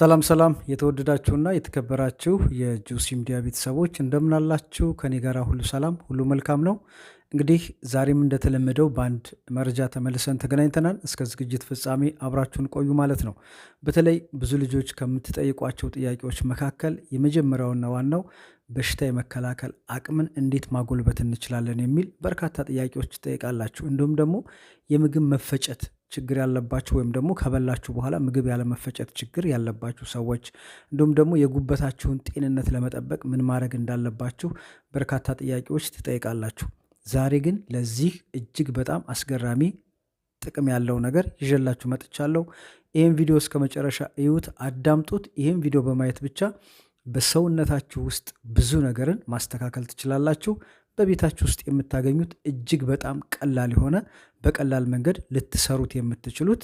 ሰላም ሰላም የተወደዳችሁና የተከበራችሁ የጁሲ ሚዲያ ቤተሰቦች እንደምናላችሁ፣ ከኔ ጋር ሁሉ ሰላም፣ ሁሉ መልካም ነው። እንግዲህ ዛሬም እንደተለመደው በአንድ መረጃ ተመልሰን ተገናኝተናል። እስከ ዝግጅት ፍጻሜ አብራችሁን ቆዩ ማለት ነው። በተለይ ብዙ ልጆች ከምትጠይቋቸው ጥያቄዎች መካከል የመጀመሪያውና ዋናው በሽታ የመከላከል አቅምን እንዴት ማጎልበት እንችላለን የሚል በርካታ ጥያቄዎች ትጠይቃላችሁ። እንዲሁም ደግሞ የምግብ መፈጨት ችግር ያለባችሁ ወይም ደግሞ ከበላችሁ በኋላ ምግብ ያለመፈጨት ችግር ያለባችሁ ሰዎች እንዲሁም ደግሞ የጉበታችሁን ጤንነት ለመጠበቅ ምን ማድረግ እንዳለባችሁ በርካታ ጥያቄዎች ትጠይቃላችሁ። ዛሬ ግን ለዚህ እጅግ በጣም አስገራሚ ጥቅም ያለው ነገር ይዤላችሁ መጥቻለሁ። ይህም ቪዲዮ እስከ መጨረሻ እዩት፣ አዳምጡት። ይህም ቪዲዮ በማየት ብቻ በሰውነታችሁ ውስጥ ብዙ ነገርን ማስተካከል ትችላላችሁ። በቤታችሁ ውስጥ የምታገኙት እጅግ በጣም ቀላል የሆነ በቀላል መንገድ ልትሰሩት የምትችሉት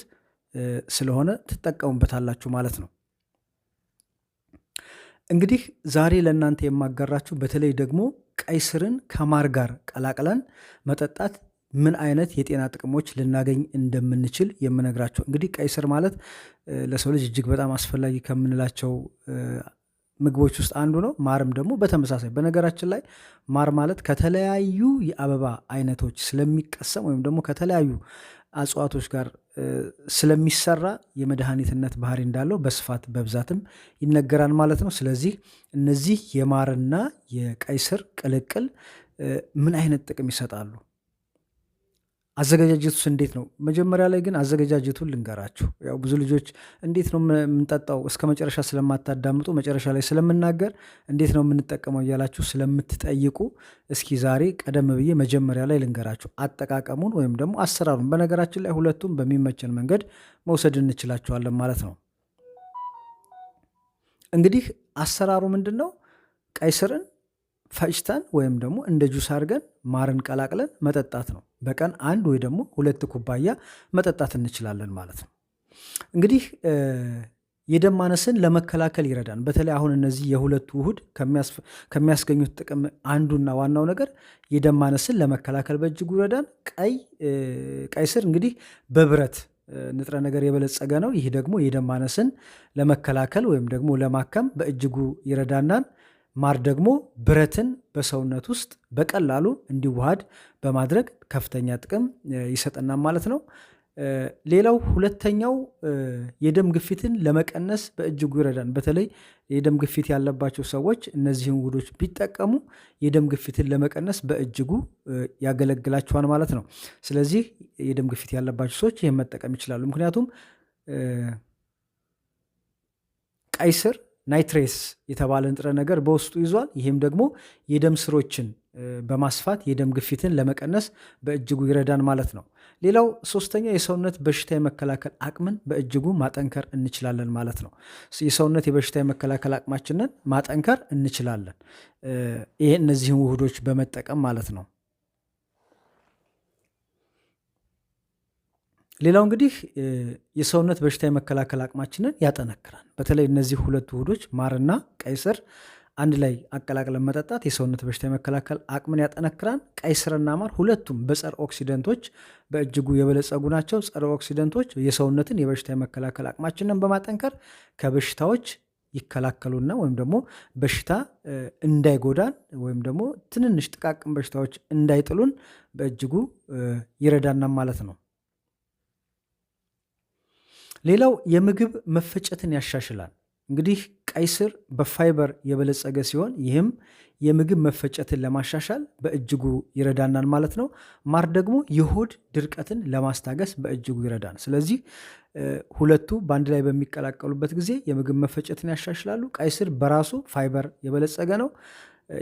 ስለሆነ ትጠቀሙበታላችሁ ማለት ነው። እንግዲህ ዛሬ ለእናንተ የማጋራችሁ በተለይ ደግሞ ቀይ ስርን ከማር ጋር ቀላቅለን መጠጣት ምን አይነት የጤና ጥቅሞች ልናገኝ እንደምንችል የምነግራቸው እንግዲህ ቀይ ስር ማለት ለሰው ልጅ እጅግ በጣም አስፈላጊ ከምንላቸው ምግቦች ውስጥ አንዱ ነው። ማርም ደግሞ በተመሳሳይ በነገራችን ላይ ማር ማለት ከተለያዩ የአበባ አይነቶች ስለሚቀሰም ወይም ደግሞ ከተለያዩ እጽዋቶች ጋር ስለሚሰራ የመድኃኒትነት ባህሪ እንዳለው በስፋት በብዛትም ይነገራል ማለት ነው። ስለዚህ እነዚህ የማርና የቀይ ስር ቅልቅል ምን አይነት ጥቅም ይሰጣሉ? አዘገጃጀቱስ እንዴት ነው? መጀመሪያ ላይ ግን አዘገጃጀቱን ልንገራችሁ። ያው ብዙ ልጆች እንዴት ነው የምንጠጣው እስከ መጨረሻ ስለማታዳምጡ መጨረሻ ላይ ስለምናገር እንዴት ነው የምንጠቀመው እያላችሁ ስለምትጠይቁ እስኪ ዛሬ ቀደም ብዬ መጀመሪያ ላይ ልንገራችሁ አጠቃቀሙን ወይም ደግሞ አሰራሩን። በነገራችን ላይ ሁለቱም በሚመቸን መንገድ መውሰድ እንችላቸዋለን ማለት ነው። እንግዲህ አሰራሩ ምንድን ነው? ቀይ ስርን ፈጭተን ወይም ደግሞ እንደ ጁስ አድርገን ማርን ቀላቅለን መጠጣት ነው። በቀን አንድ ወይ ደግሞ ሁለት ኩባያ መጠጣት እንችላለን ማለት ነው። እንግዲህ የደም ማነስን ለመከላከል ይረዳን። በተለይ አሁን እነዚህ የሁለቱ ውህድ ከሚያስገኙት ጥቅም አንዱና ዋናው ነገር የደም ማነስን ለመከላከል በእጅጉ ይረዳን። ቀይ ቀይ ስር እንግዲህ በብረት ንጥረ ነገር የበለጸገ ነው። ይህ ደግሞ የደም ማነስን ለመከላከል ወይም ደግሞ ለማከም በእጅጉ ይረዳናል። ማር ደግሞ ብረትን በሰውነት ውስጥ በቀላሉ እንዲዋሃድ በማድረግ ከፍተኛ ጥቅም ይሰጠናል ማለት ነው። ሌላው ሁለተኛው የደም ግፊትን ለመቀነስ በእጅጉ ይረዳን። በተለይ የደም ግፊት ያለባቸው ሰዎች እነዚህን ውህዶች ቢጠቀሙ የደም ግፊትን ለመቀነስ በእጅጉ ያገለግላቸዋል ማለት ነው። ስለዚህ የደም ግፊት ያለባቸው ሰዎች ይህን መጠቀም ይችላሉ። ምክንያቱም ቀይ ስር ናይትሬስ የተባለ ንጥረ ነገር በውስጡ ይዟል። ይህም ደግሞ የደም ስሮችን በማስፋት የደም ግፊትን ለመቀነስ በእጅጉ ይረዳን ማለት ነው። ሌላው ሶስተኛ የሰውነት በሽታ የመከላከል አቅምን በእጅጉ ማጠንከር እንችላለን ማለት ነው። የሰውነት የበሽታ የመከላከል አቅማችንን ማጠንከር እንችላለን ይህ እነዚህን ውህዶች በመጠቀም ማለት ነው። ሌላው እንግዲህ የሰውነት በሽታ የመከላከል አቅማችንን ያጠነክራል። በተለይ እነዚህ ሁለት ውህዶች ማርና ቀይ ስር አንድ ላይ አቀላቅለን መጠጣት የሰውነት በሽታ የመከላከል አቅምን ያጠነክራል። ቀይ ስርና ማር ሁለቱም በጸረ ኦክሲደንቶች በእጅጉ የበለጸጉ ናቸው። ጸረ ኦክሲደንቶች የሰውነትን የበሽታ የመከላከል አቅማችንን በማጠንከር ከበሽታዎች ይከላከሉና ወይም ደግሞ በሽታ እንዳይጎዳን ወይም ደግሞ ትንንሽ ጥቃቅን በሽታዎች እንዳይጥሉን በእጅጉ ይረዳናል ማለት ነው። ሌላው የምግብ መፈጨትን ያሻሽላል። እንግዲህ ቀይ ስር በፋይበር የበለጸገ ሲሆን ይህም የምግብ መፈጨትን ለማሻሻል በእጅጉ ይረዳናል ማለት ነው። ማር ደግሞ የሆድ ድርቀትን ለማስታገስ በእጅጉ ይረዳል። ስለዚህ ሁለቱ በአንድ ላይ በሚቀላቀሉበት ጊዜ የምግብ መፈጨትን ያሻሽላሉ። ቀይ ስር በራሱ ፋይበር የበለጸገ ነው።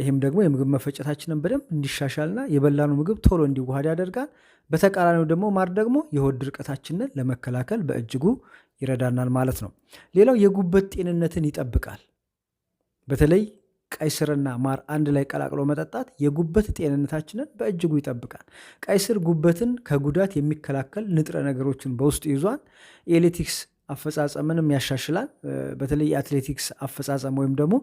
ይህም ደግሞ የምግብ መፈጨታችንን በደንብ እንዲሻሻልና የበላኑ ምግብ ቶሎ እንዲዋሃድ ያደርጋል። በተቃራኒው ደግሞ ማር ደግሞ የሆድ ድርቀታችንን ለመከላከል በእጅጉ ይረዳናል ማለት ነው። ሌላው የጉበት ጤንነትን ይጠብቃል። በተለይ ቀይ ስርና ማር አንድ ላይ ቀላቅሎ መጠጣት የጉበት ጤንነታችንን በእጅጉ ይጠብቃል። ቀይ ስር ጉበትን ከጉዳት የሚከላከል ንጥረ ነገሮችን በውስጡ ይዟል። የኤሌቲክስ አፈጻጸምንም ያሻሽላል። በተለይ የአትሌቲክስ አፈጻጸም ወይም ደግሞ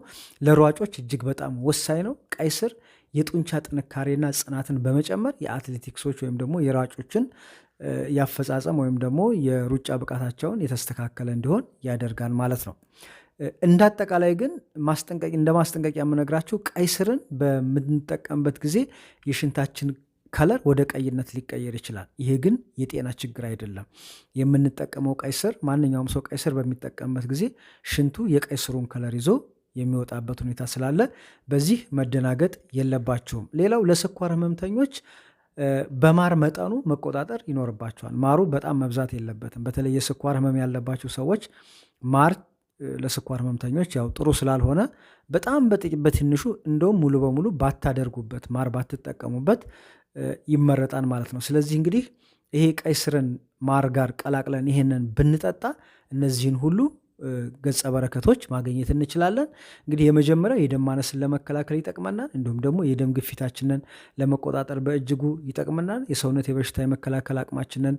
ለሯጮች እጅግ በጣም ወሳኝ ነው። ቀይ ስር የጡንቻ ጥንካሬና ጽናትን በመጨመር የአትሌቲክሶች ወይም ደግሞ የሯጮችን ያፈጻጸም ወይም ደግሞ የሩጫ ብቃታቸውን የተስተካከለ እንዲሆን ያደርጋል ማለት ነው። እንደ አጠቃላይ ግን እንደ ማስጠንቀቂያ የምነግራችሁ ቀይ ስርን በምንጠቀምበት ጊዜ የሽንታችን ከለር ወደ ቀይነት ሊቀየር ይችላል። ይሄ ግን የጤና ችግር አይደለም። የምንጠቀመው ቀይ ስር ማንኛውም ሰው ቀይ ስር በሚጠቀምበት ጊዜ ሽንቱ የቀይ ስሩን ከለር ይዞ የሚወጣበት ሁኔታ ስላለ በዚህ መደናገጥ የለባቸውም። ሌላው ለስኳር ህመምተኞች በማር መጠኑ መቆጣጠር ይኖርባቸዋል። ማሩ በጣም መብዛት የለበትም። በተለይ የስኳር ህመም ያለባቸው ሰዎች ማር ለስኳር ህመምተኞች ያው ጥሩ ስላልሆነ በጣም በትንሹ እንደውም ሙሉ በሙሉ ባታደርጉበት፣ ማር ባትጠቀሙበት ይመረጣል ማለት ነው። ስለዚህ እንግዲህ ይሄ ቀይ ስርን ማር ጋር ቀላቅለን ይሄንን ብንጠጣ እነዚህን ሁሉ ገጸ በረከቶች ማግኘት እንችላለን። እንግዲህ የመጀመሪያው የደም ማነስን ለመከላከል ይጠቅመናል። እንዲሁም ደግሞ የደም ግፊታችንን ለመቆጣጠር በእጅጉ ይጠቅመናል። የሰውነት የበሽታ የመከላከል አቅማችንን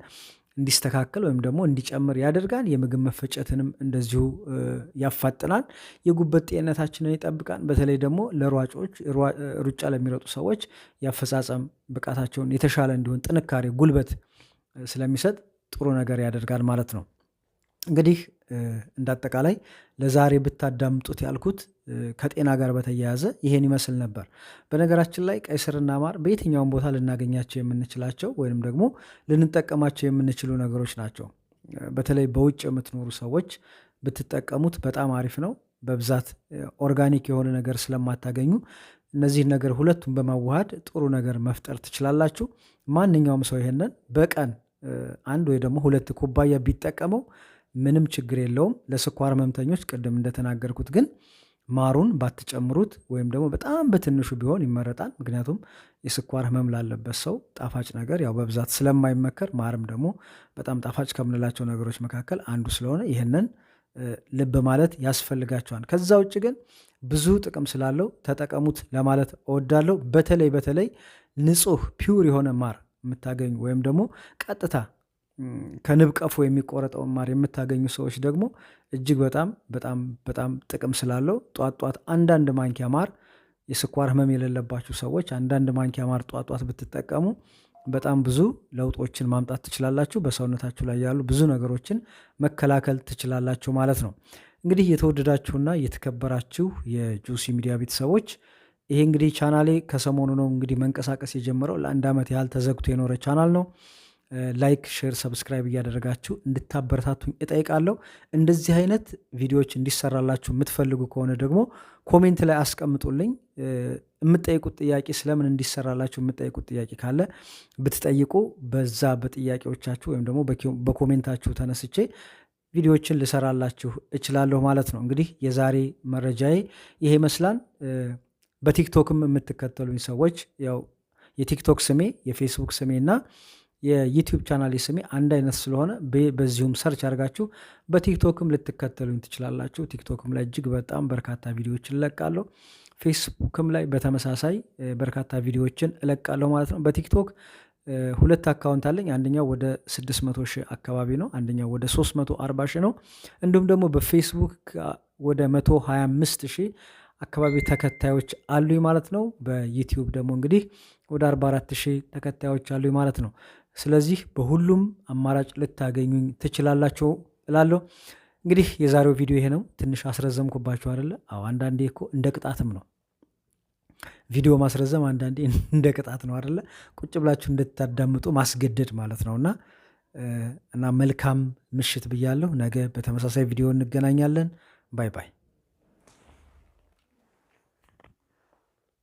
እንዲስተካከል ወይም ደግሞ እንዲጨምር ያደርጋል። የምግብ መፈጨትንም እንደዚሁ ያፋጥናል። የጉበት ጤንነታችንን ይጠብቃል። በተለይ ደግሞ ለሯጮች፣ ሩጫ ለሚረጡ ሰዎች የአፈጻጸም ብቃታቸውን የተሻለ እንዲሆን ጥንካሬ፣ ጉልበት ስለሚሰጥ ጥሩ ነገር ያደርጋል ማለት ነው። እንግዲህ እንደ አጠቃላይ ለዛሬ ብታዳምጡት ያልኩት ከጤና ጋር በተያያዘ ይሄን ይመስል ነበር። በነገራችን ላይ ቀይ ስርና ማር በየትኛውም ቦታ ልናገኛቸው የምንችላቸው ወይም ደግሞ ልንጠቀማቸው የምንችሉ ነገሮች ናቸው። በተለይ በውጭ የምትኖሩ ሰዎች ብትጠቀሙት በጣም አሪፍ ነው። በብዛት ኦርጋኒክ የሆነ ነገር ስለማታገኙ እነዚህ ነገር ሁለቱን በማዋሃድ ጥሩ ነገር መፍጠር ትችላላችሁ። ማንኛውም ሰው ይሄንን በቀን አንድ ወይ ደግሞ ሁለት ኩባያ ቢጠቀመው ምንም ችግር የለውም። ለስኳር ህመምተኞች ቅድም እንደተናገርኩት ግን ማሩን ባትጨምሩት ወይም ደግሞ በጣም በትንሹ ቢሆን ይመረጣል። ምክንያቱም የስኳር ህመም ላለበት ሰው ጣፋጭ ነገር ያው በብዛት ስለማይመከር ማርም ደግሞ በጣም ጣፋጭ ከምንላቸው ነገሮች መካከል አንዱ ስለሆነ ይህንን ልብ ማለት ያስፈልጋቸዋል። ከዛ ውጭ ግን ብዙ ጥቅም ስላለው ተጠቀሙት ለማለት እወዳለሁ። በተለይ በተለይ ንጹህ ፒውር የሆነ ማር የምታገኙ ወይም ደግሞ ቀጥታ ከንብ ቀፎ የሚቆረጠውን ማር የምታገኙ ሰዎች ደግሞ እጅግ በጣም በጣም በጣም ጥቅም ስላለው ጧት ጧት አንዳንድ ማንኪያ ማር የስኳር ህመም የሌለባችሁ ሰዎች አንዳንድ ማንኪያ ማር ጧት ጧት ብትጠቀሙ በጣም ብዙ ለውጦችን ማምጣት ትችላላችሁ። በሰውነታችሁ ላይ ያሉ ብዙ ነገሮችን መከላከል ትችላላችሁ ማለት ነው። እንግዲህ የተወደዳችሁና የተከበራችሁ የጁሲ ሚዲያ ቤተሰቦች ይሄ እንግዲህ ቻናሌ ከሰሞኑ ነው እንግዲህ መንቀሳቀስ የጀመረው። ለአንድ ዓመት ያህል ተዘግቶ የኖረ ቻናል ነው። ላይክ፣ ሼር፣ ሰብስክራይብ እያደረጋችሁ እንድታበረታቱኝ እጠይቃለሁ። እንደዚህ አይነት ቪዲዮዎች እንዲሰራላችሁ የምትፈልጉ ከሆነ ደግሞ ኮሜንት ላይ አስቀምጡልኝ። የምጠይቁት ጥያቄ ስለምን እንዲሰራላችሁ የምጠይቁት ጥያቄ ካለ ብትጠይቁ በዛ በጥያቄዎቻችሁ ወይም ደግሞ በኮሜንታችሁ ተነስቼ ቪዲዮዎችን ልሰራላችሁ እችላለሁ ማለት ነው። እንግዲህ የዛሬ መረጃዬ ይሄ ይመስላል። በቲክቶክም የምትከተሉኝ ሰዎች ያው የቲክቶክ ስሜ የፌስቡክ ስሜ እና የዩቲዩብ ቻናል ስሜ አንድ አይነት ስለሆነ በዚሁም ሰርች አድርጋችሁ በቲክቶክም ልትከተሉኝ ትችላላችሁ። ቲክቶክም ላይ እጅግ በጣም በርካታ ቪዲዮዎችን እለቃለሁ። ፌስቡክም ላይ በተመሳሳይ በርካታ ቪዲዮዎችን እለቃለሁ ማለት ነው። በቲክቶክ ሁለት አካውንት አለኝ። አንደኛው ወደ 600 ሺህ አካባቢ ነው። አንደኛው ወደ 340 ሺህ ነው። እንዲሁም ደግሞ በፌስቡክ ወደ 125 ሺህ አካባቢ ተከታዮች አሉኝ ማለት ነው። በዩቲዩብ ደግሞ እንግዲህ ወደ 44 ሺህ ተከታዮች አሉኝ ማለት ነው። ስለዚህ በሁሉም አማራጭ ልታገኙኝ ትችላላችሁ እላለሁ። እንግዲህ የዛሬው ቪዲዮ ይሄ ነው። ትንሽ አስረዘምኩባችሁ አይደለ? አዎ አንዳንዴ እኮ እንደ ቅጣትም ነው ቪዲዮ ማስረዘም አንዳንዴ እንደ ቅጣት ነው አይደለ? ቁጭ ብላችሁ እንድታዳምጡ ማስገደድ ማለት ነው እና እና መልካም ምሽት ብያለሁ። ነገ በተመሳሳይ ቪዲዮ እንገናኛለን። ባይ ባይ።